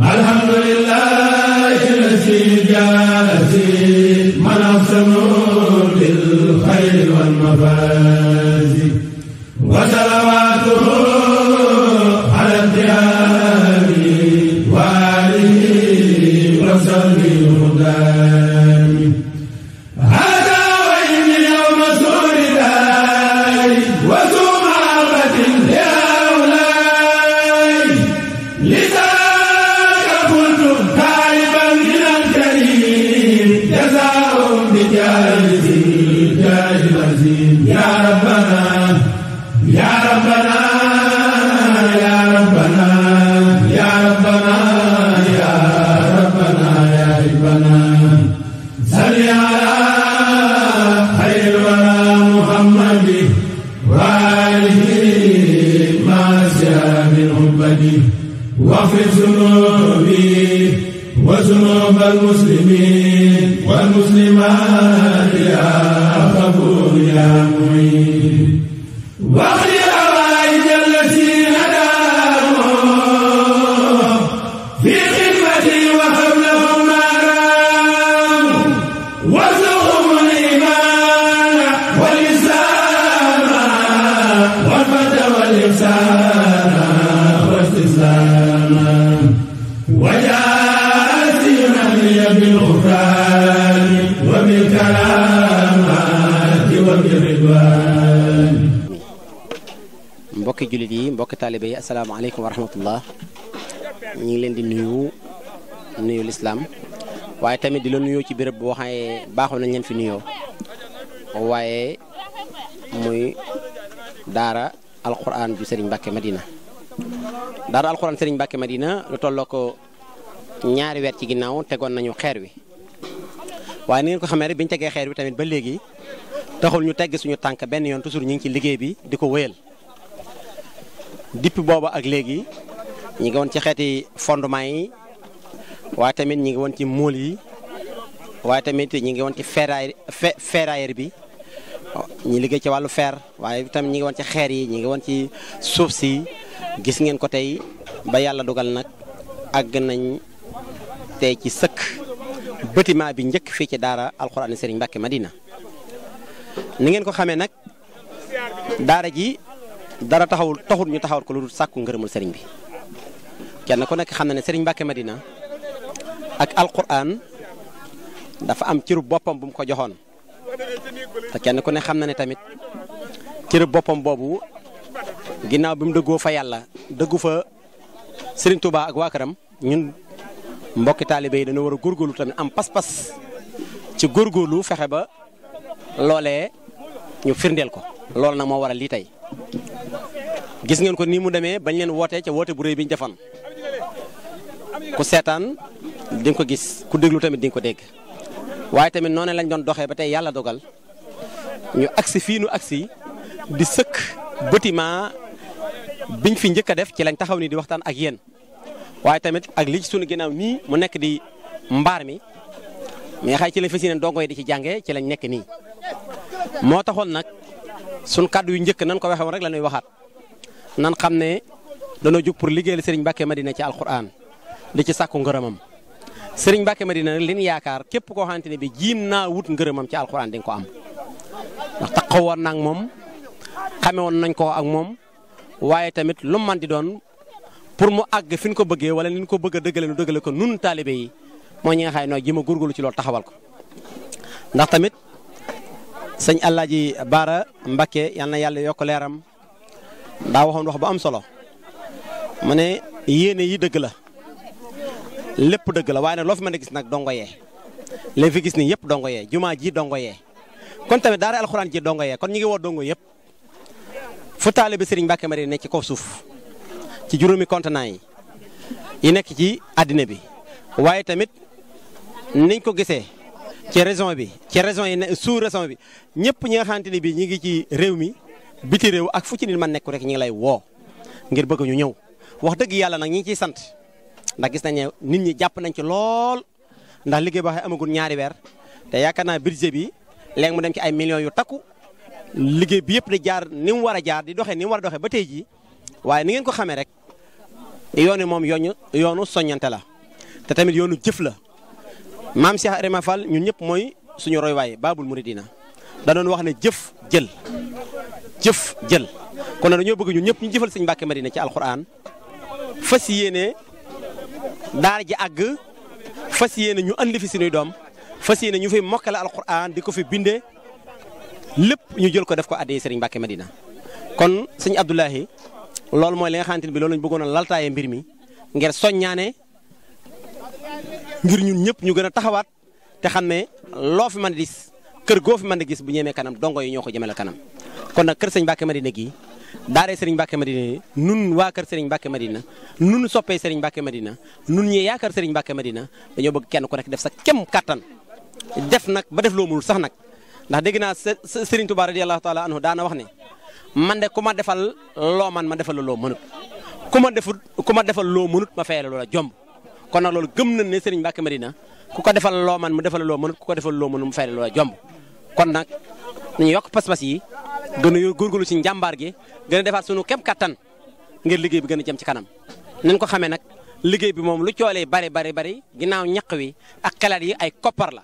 alhamdulilah عبدي واغفر ذنوبي وذنوب المسلمين والمسلمات يا غفور يا معين taalibe yi asalaamaaleykum wa rahmatullah ñu ngi leen di nuyu nuyu lislaam waaye tamit di la nuyoo ci béréb boo xam ne baaxoon nañ leen fi nuyoo waaye muy daara alquran ju Serigne Mbacke Madina daara alquran Serigne Mbacke Madina lu tolloo ko ñaari weer ci ginnaaw tegoon nañu xeer wi waaye ni ngeen ko xamee rek bi ñu tegee xeer wi tamit ba léegi taxul ñu tegg suñu tànk benn yoon toujours ñu ngi ci liggéey bi di ko wéyal depuis booba ak léegi ñu ngi woon ci xeeti fondement yi waaye tamit ñu ngi woon ci mool yi waaye tamit ñu ngi woon ci ferraille ferrailleur bi ñu liggéey ci wàllu feer waaye tamit ñu ngi woon ci xeer yi ñu ngi woon ci suuf si gis ngeen ko tey ba yàlla dogal nag àgg nañ tey ci sëkk bâtiment bi njëkk fii ci daara alxuraani Serigne Mbacke Madina ni ngeen ko xamee nag daara ji dara taxawul taxul ñu taxawal ko lu dul sàkku ngërëmul sëriñ bi kenn ku nekk xam na ne sëriñ ma dina ak alquran dafa am cëru boppam bu mu ko joxoon te kenn ku ne xam na ne tamit cërub boppam boobu ginnaaw bi mu dëggoo fa yàlla dëggu fa sëriñ Touba ak waa këram ñun mbokki taalibe yi dañoo war a góorgóorlu tamit am pas-pas ci góorgóorlu fexe ba loolee ñu firndeel ko. loolu nag moo waral lii tey. gis ngeen ko nii mu demee bañ leen wootee ca woote bu rëy bi ñu defoon ku seetaan di nga ko gis ku déglu tamit di nga ko dégg waaye tamit noonu lañ doon doxee ba tey yàlla dogal ñu agsi fii nu agsi di sëkk bâtiment biñ fi njëkk a def ci lañ taxaw ni di waxtaan ak yéen waaye tamit ak li ci sunu ginnaaw nii mu nekk di mbaar mi mais xay ci lañ fas yéene ndongo yi di ci jànge ci lañ nekk nii moo taxoon nag sunu kàddu yu njëkk nan ko waxee rek la waxaat. nan xam ne danoo jug pour liggéeyal sëriñ Mbacke Madina ci alquran di ci sàkku ngërëmam Serigne Mbacke Madina nag li yaakaar képp koo xamante ne bi jiim naa wut ngërëmam ci alquran di nga ko am ndax ko woon nag moom xamewoon nañ ko ak moom waaye tamit lu man di doon pour mu àgg fi ñu ko bëggee wala ni ñu ko bëgg a dëggale nu dëggale ko nun taalibe yi mooy ñi nooy xam ji ma góorgóorlu ci loolu taxawal ko ndax tamit sëñ Alaaji Baara Mbacke yal na yàlla yokk leeram daa waxoon wax bu am solo mu ne yéene yi dëgg la lépp dëgg la waaye nag loo fi mën a gis nag dongo yee li fi gis ni yëpp dongo yee jumaa ji dongo yee kon tamit daara alxuraan ji dongo yee kon ñu ngi woo dongo yëpp fu taalibe Serigne Mbacké Madina nekk ci kaw suuf ci juróomi yi yi nekk ci àddina bi waaye tamit niñ ko gisee ci région bi ci région yi sous région bi ñëpp ñi nga xamante ni bii ñu ngi ci réew mi. biti réew ak fu ci nit man nekk rek ñu ngi lay woo ngir bëgg ñu ñëw wax dëgg yàlla nag ñi ngi ciy sant ndax gis nañ ne nit ñi jàpp nañ ci lool ndax liggéey ba xay amagul ñaari weer te yaakaar naa budget bi léegi mu dem ci ay millions yu takku liggéey bi yëpp di jaar ni mu war a jaar di doxee ni mu war a doxee ba tey jii waaye ni ngeen ko xamee rek yoon yi moom yoonu yoonu soññante la te tamit yoonu jëf la maam Cheikh Ibrahima Fall ñun ñëpp mooy suñu roy waay Baabul Muridina da doon wax ne jëf jël jëf jël kon nag dañoo bëgg ñun ñëpp ñu jëfal sëñ Mbàkke Madina ci alxuraan fas yéene daara ji àgg fas yéene ñu andi fi suñuy doom fas yéene ñu fi mokkale alxuraan di ko fi bindee lépp ñu jël ko def ko addee sëriñ Mbàkke Madina kon sëñ Abdoulahi loolu mooy li nga xamante bi loolu lañ bëggoon a laltaaye mbir mi ngir soññaane ngir ñun ñëpp ñu gën a taxawaat te xam ne loo fi mën a gis kër goo fi mën a gis bu ñemee kanam dongo yi ñoo ko jëmale kanam kon nag kër sëñ Mbacke Madina gii daaree sëriñ Mbacke Madina nun waa kër sëriñ Mbacke Madina nun soppee sëriñ Mbacke Madina nun ñee yaakaar sëriñ Mbacke Madina dañoo bëgg kenn ko nekk def sa kem kattan def nag ba def loo mënul sax nag ndax dégg naa sëriñ Touba radiyallahu taala anhu daana wax ne man de ku ma defal loo man ma defal loo mënut ku ma defut ku ma defal loo mënut ma fayal loola jomb kon nag loolu gëm nañ ne sëriñ Mbacke Madina ku ko defal loo man mu defal loo mënut ku ko defal loo mënut mu fayal loola jomb kon nag yi gën a góorgóorlu ci njàmbaar gi gën a defaat sunu kem kattan ngir liggéey bi gën a jëm ci kanam nañ ko xamee nag liggéey bi moom lu coolee bari bari bari ginnaaw ñaq wi ak xalaat yi ay koppar la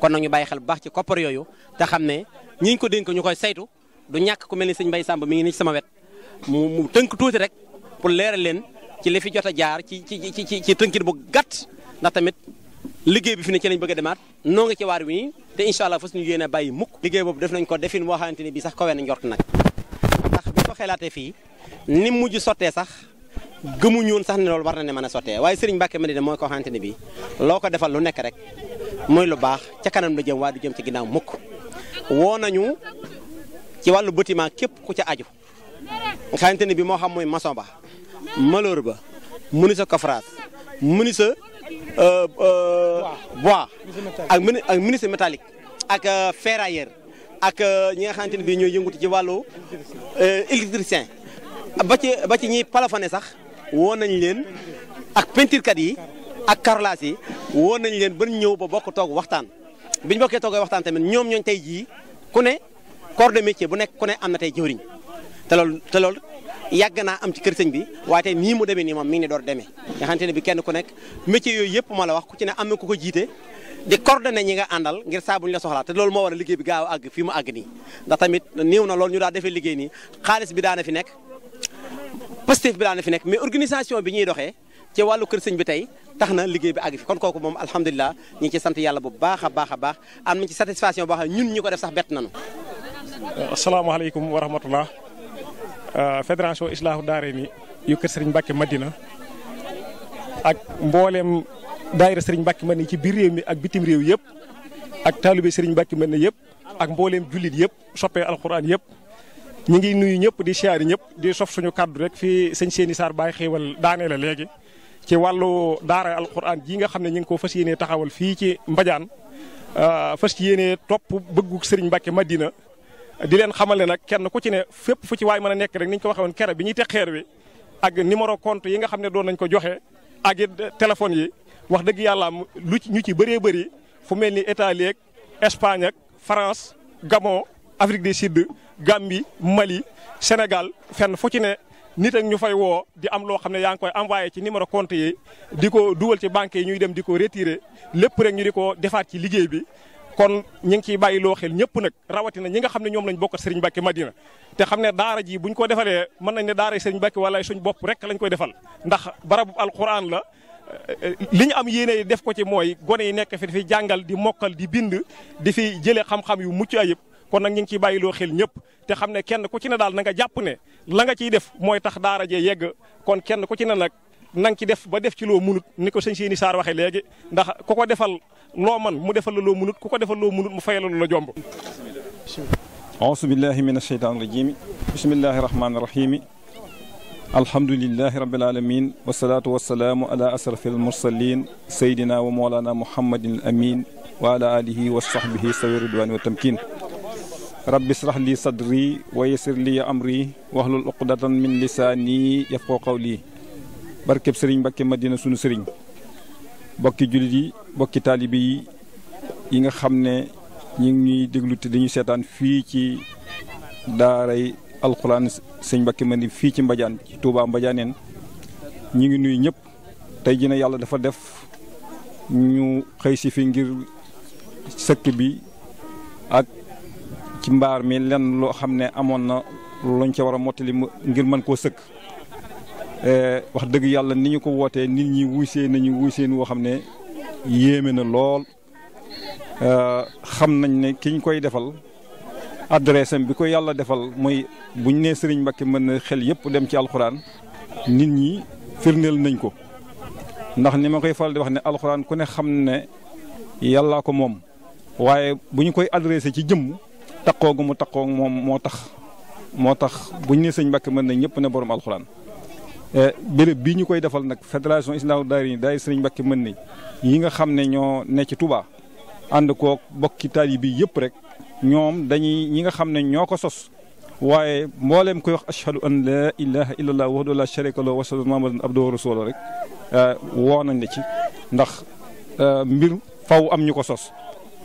kon nag ñu bàyyi xel bu baax ci koppar yooyu te xam ne ñi ko dénk ñu koy saytu du ñàkk ku mel ni sëñ bay Samb mi ngi nii sama wet mu mu tënk tuuti rek pour leeral leen ci li jot a jaar ci ci ci ci tënkit bu gàtt ndax tamit liggéey bi fi ne ci lañ bëgg a demaat noo ci waar wi nii te incha allah fas ñu yéene bàyyi mukk liggéey boobu def nañ ko defin boo xamante ni bii sax kawee na njort nag ndax bi ko xelaatee fii ni mujj sottee sax gëmuñu woon sax ne loolu war na ne mën a sottee waaye Serigne Mbacke Madina mooy koo xamante ne bii loo ko defal lu nekk rek muy lu baax ca kanam la jëm waaye du jëm ci ginnaaw mukk woo nañu ci wàllu bâtiment képp ku ca aju nga xamante ne bii moo xam mooy maçon ba malheur ba mënu sa coffrage sa Euh, euh, bois ak mini ak menuisier métallique ak euh, ferrailleur ak ñi nga xamante ne bii ñooy yëngutu ci wàllu électricien ba ci ba ci ñiy palafane sax woo nañ leen ak peinturekat yi ak carrelage yi woo nañ leen ba ñëw ba bokk toog waxtaan biñ bokkee toogee waxtaan tamit ñoom ñooñ tey jii ku ne corps de métier bu nekk ku ne am na te loolu yàgg naa am ci kër sëñ bi waaye nii mu demee nii moom mi ngi ne door demee nga ne bi kenn ku nekk métier yooyu yëpp ma la wax ku ci ne am na ku ko jiite di coordonné ñi nga àndal ngir saa bu ñu la soxlaa te loolu moo war a liggéey bi gaaw a àgg fii mu àgg nii ndax tamit néew na loolu ñu daa defee liggéey nii xaalis bi daana fi nekk positif bi daana fi nekk mais organisation bi ñuy doxee ci wàllu kër sëñ bi tey tax na liggéey bi àgg fi kon kooku moom alhamdulilah ñu ngi ci sant yàlla bu baax a baax a baax am nañ ci satisfaction boo xam ne ñun ñi ko def sax bett nañu asalaamaaleykum wa rahmatullah Euh, fédération Islaahu Daarayni yu kër Serigne Mbacke Madina ak mboolem daayira Serigne Mbacke Madina ci biir réew mi ak bitim réew yëpp ak taalibe Serigne Mbacke Madina yëpp ak mbooleem jullit yëpp soppee alxuraan yëpp. ñu ngi nuyu ñëpp di siyaari ñëpp di sof suñu kàddu rek fii sëñ seeni Sarr Baye xéewal daane la léegi ci wàllu daara alxuraan ji nga xam ne ñu ngi ko fas yéenee taxawal fii ci Mbadiane euh, fas yéenee topp bëggu sëriñ Mbacke Madina. di leen xamal ne nag kenn ku ci ne fépp fu ci waay mën a nekk rek ni ñu ko waxee woon kere bi ñuy teg xeer wi ak numéro compte yi nga xam ne doon nañ ko joxe ak it téléphone yi wax dëgg yàlla lu ci ñu ci bëree bëri fu mel ni Italie ak Espagne ak France Gabon Afrique di Sud Gambie Mali Sénégal fenn fu ci ne nit ak ñu fay woo di am loo xam ne yaa ngi koy envoyé ci numéro compte yi di ko dugal ci banque yi ñuy dem di ko retiré lépp rek ñu di ko defaat ci liggéey bi. kon ñu ngi ciy bàyyiloo xel ñëpp nag rawatina ñi nga xam ne ñoom lañ bokkat Serigne Mbacke Madina te xam ne daara ji buñ ko defalee mën nañ ne daara Serigne Mbacke wala suñ bopp rek lañ koy defal ndax barabu alquran la eh, li ñu am yéene def ko ci mooy gone yi nekk fi di fi jàngal di mokkal di bind di fi jëlee xam-xam yu mucc ayib kon nag ñu ngi ciy bàyyiloo xel ñëpp te xam ne kenn ku ci ne daal na nga jàpp ne la nga ciy def mooy tax daara jee yegg kon kenn ku ci ne nag nang ci def ba def ci loo munut ni ko sëñ seeni saar waxee léegi ndax ku ko defal loo man mu defal la loo ko defal loo munut mu fayal la jomb auzu billahi min asheytaan rajim bismillahi rahmaani rahimi alhamdulilahi rabbil alamin wasalaatu wasalaamu ala asrafi almursalin sayidina wa moolana muhammadin al amin wa ala alihi wa sahbihi sawi ridwani wa tamkin rabbi israh li sadri wa yassir li amri wahlul uqdatan min barkeb sëriñ Mbakke Madina sunu sëriñ bokki jullit yi bokki taalibe yi yi nga xam ne ñu ngi ñuy déglu te dañuy seetaan fii ci daaray alxuraan mbakki Mbakke Madina fii ci Mbadiane ci Touba Mbadianeen ñu ngi nuyu ñëpp tey jii nag yàlla dafa def ñu xëy si fi ngir sëkk bi ak ci mbaar mi lenn loo xam ne amoon na luñ ca war a mottali ngir mën koo sëkk. Eh, wax dëgg yàlla ni ñu ko wootee nit ñi wuysee nañu wuyseen woo xam ne yéeme na lool eh, xam nañ ne ki koy defal adresse am bi ko yàlla defal mooy bu ñu nee Serigne mbakki mën na xel yëpp dem ci alxuraan nit ñi firndeel nañ ko ndax ni ma koy faral di wax ne alxuraan ku ne xam ne yàllaa ko moom waaye bu ñu koy adressé ci jëmm takkoogu mu takkoo moom moo tax moo tax bu ñu nee Serigne Mbacké mën nañ ñëpp ne borom alxuraan. Eh, béréb bii ñu koy defal nag fédération Islaahu Daarayni daay Sëriñ Mbàkke mën ni ñi nga xam ne ñoo ne ci Touba ànd koo bokki taalibe bi yëpp rek ñoom dañuy ñi nga xam ne ñoo ko sos waaye mbooleem koy wax ashhadu an la ilaha illallah wahdahu la sharika lahu wa ashhadu anna muhammadan abduhu wa rek eh, woo nañ la ci ndax eh, mbir faw am ñu ko sos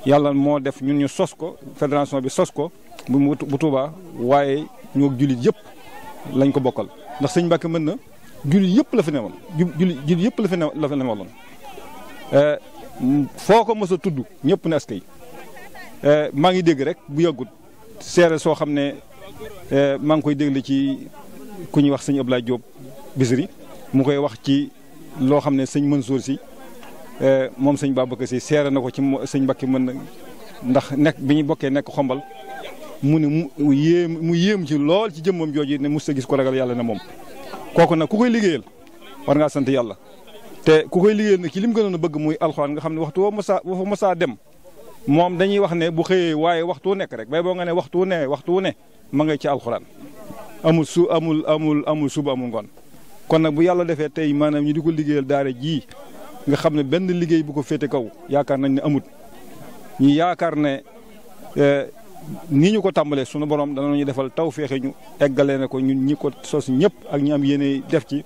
yàlla moo def ñun ñu sos ko fédération bi sos ko bu bu waaye ñoo jullit yëpp lañ ko bokkal ndax sëñ Mbàkke mën na jullit yëpp la fi newoon jullit yëpp la ne la fi newoon eh, foo ko mos a tudd ñëpp ne askay eh, maa ngi dégg rek bu yàggut seere soo xam ne eh, maa ngi koy dégle ci ku ñuy wax sëñ Abdoulaye jóob bisiri mu koy wax ci loo xam ne sëñ Mansour si moom baa bëgg si seere na ko ci sëñ Mbacke mën na ndax nekk bi ñu bokkee nekk xombal mu ne mu yéem mu yéem ci lool ci jëmmam jooju ne mu a gis ko ragal yàlla na moom. kooku nag ku koy liggéeyal war ngaa sant yàlla te ku koy liggéeyal nag ci lim mu gënoon a bëgg muy alxuraan nga xam ne waxtu woo mosaa woo mosaa dem moom dañuy wax ne bu xëyee waaye waxtu wu nekk rek bay boo nga ne waxtu wu ne waxtu wu ne ma ngay ci alxuraan amul su amul amul amul suba amul ngoon kon nag bu yàlla defee tey maanaam ñu di ko liggéeyal daara jii nga xam ne benn liggéey bu ko féete kaw yaakaar nañ ne amut ñu yaakaar ne eh, nii ñu ko tàmbalee sunu borom dana ñu defal taw féexe ñu eggalee na ko ñun ñi ko sos ñëpp ak ñi am def ci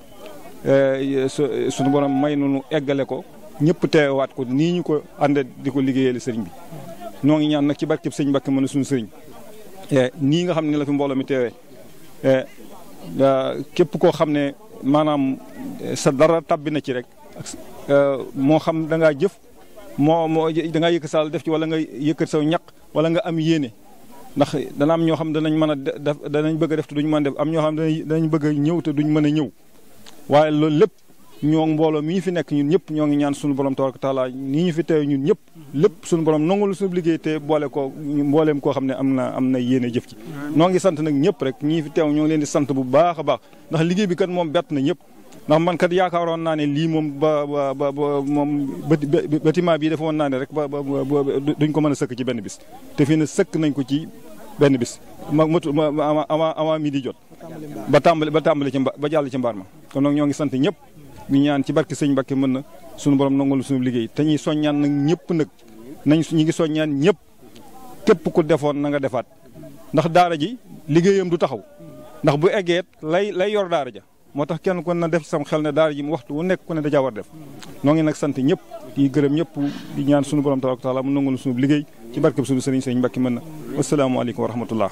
eh, sunu borom may nunu eggale ko ñëpp teewaat ko nii ñu ko ànde di ko liggéeyale sëriñ bi ñoo ngi ñaan nag ci barkeb sëñ Mbàkke mën a suñu sëriñ eh, nii nga xam ne la fi mbooloo mi teewee eh, ah, képp koo xam ne maanaam sa dara tabbi na ci rek moo xam da jëf moo moo da ngaa yëkkat saal def ci wala nga yëkkat saw ñaq wala nga am yéene ndax dana am ñoo xam danañ mën a def danañ bëgg a def te duñ mën def am ñoo xam danañ bëgg a ñëw te duñ mën a ñëw waaye loolu lépp ñoo mbooloo mi ñu fi nekk ñun ñëpp ñoo ngi ñaan suñu borom tabaraka taala nii ñu fi teew ñun ñëpp lépp suñu borom nangul suñu liggéey te boole ko mbooleem koo xam ne am na am na yéene jëf ci noo ngi sant nag ñëpp rek ñii fi teew ñoo ngi leen di sant bu baax a baax ndax liggéey bi kan moom bett na ñëpp ndax man kat yaakaaroon naa ne lii moom ba ba ba moom bâtiment bii dafa woon naa ne rek ba ba duñ ko mën a sëkk ci benn bis te fii na sëkk nañ ko ci benn bis ma matu ma avant avant midi jot. ba tàmbale ba tàmbale ci mba ba jàll ci mbaar ma kon nag ñoo ngi sant ñëpp ñu ñaan ci barke sëñ Mbacke mën na suñu borom nangul suñu liggéey te ñuy soññaan nag ñëpp nag nañ ñu ngi soññaan ñëpp képp ku defoon na nga defaat ndax daara ji liggéeyam du taxaw ndax bu eggeet lay lay yor daara ja moo tax kenn ku ne def sam xel ne daara ji mu waxtu wu nekk ku ne da war def noo ngi nag sant ñëpp di gërëm ñëpp di ñaan suñu borom tabaaraka taala mu nangul suñu liggéey ci barkeb suñu sëriñ sëriñ Mbàkke mën na wasalaamaaleykum wa rahmatullah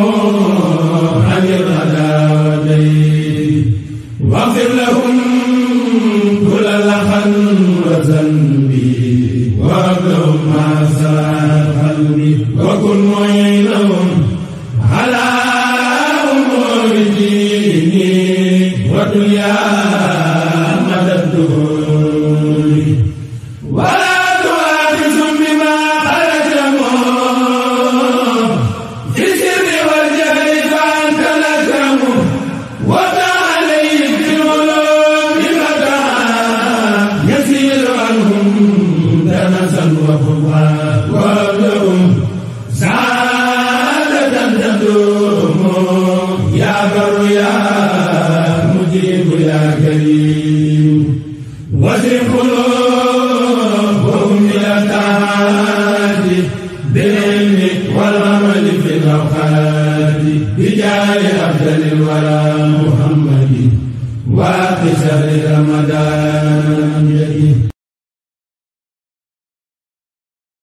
الدنيا على محمد واخر رمضان